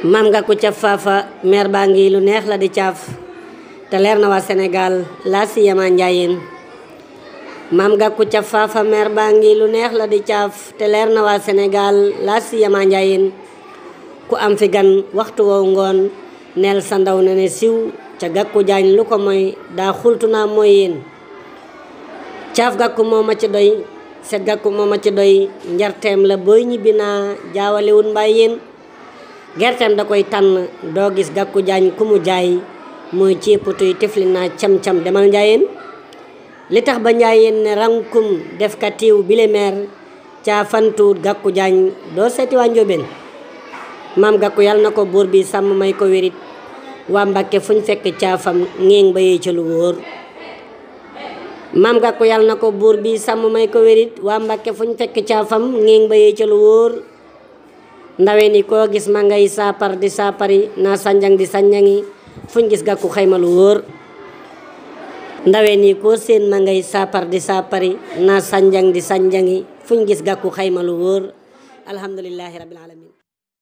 mam nga ku caf merbangi meer ngi lu neex la di caaf te leer na wa senegal la si yama mam nga ku caf merbangi meer ngi lu neex la di caaf te leer na wa senegal la si yama ku am fi gan waxtu wo ngon nel sa ndaw ne ne siw ca gàkku jañ lu ko moy da khultuna moy mooy yéen caaf gàkku ci doy set gàkku moo ci doy la boy ñibina jaawale gerteem da koy tànn doo gis gàkku jaañ ku mu jaay mooy ceeputuy tifli naa cam-cam demal njaayeen li tax ba njaayeen ne rankum def ka tiiw bile meer caa fantuut gàkku jaañ doo seeti waa njóobeen maam gàkku yàlla na ko buur bi sàmm may ko wérit ba yee ko buur bi sàmm may ko wérit waa Mbàkke fu ñu fekk caafam ngeen ba yee ca lu wóor ndawe ni koo gis ma ngay saapar di saapari naa sanjang di sanjangi fuñ gis gàkku xayma lu wóor ndaweni koo seen ma ngay saapar di saapari naa sanjang di sanjangi fuñ gis gàkku xayma lu wóor alhamdulillahi rabbil alamin